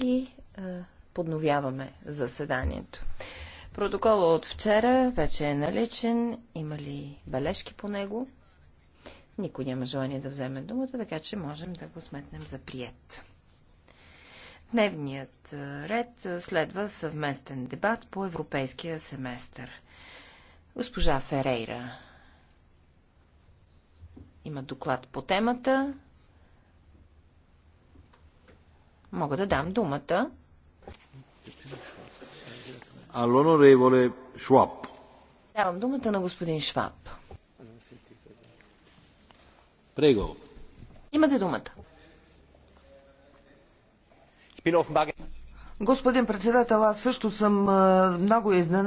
всички. Подновяваме заседанието. Протокола от вчера вече е наличен. Има ли бележки по него? Никой няма желание да вземе думата, така че можем да го сметнем за прият. Дневният ред следва съвместен дебат по европейския семестър. Госпожа Ферейра има доклад по темата. Мога да дам думата. All'onorevole Schwab. Давам думата на господин Шваб. Прего. Имате думата. Господин председател, аз също съм много изненадан.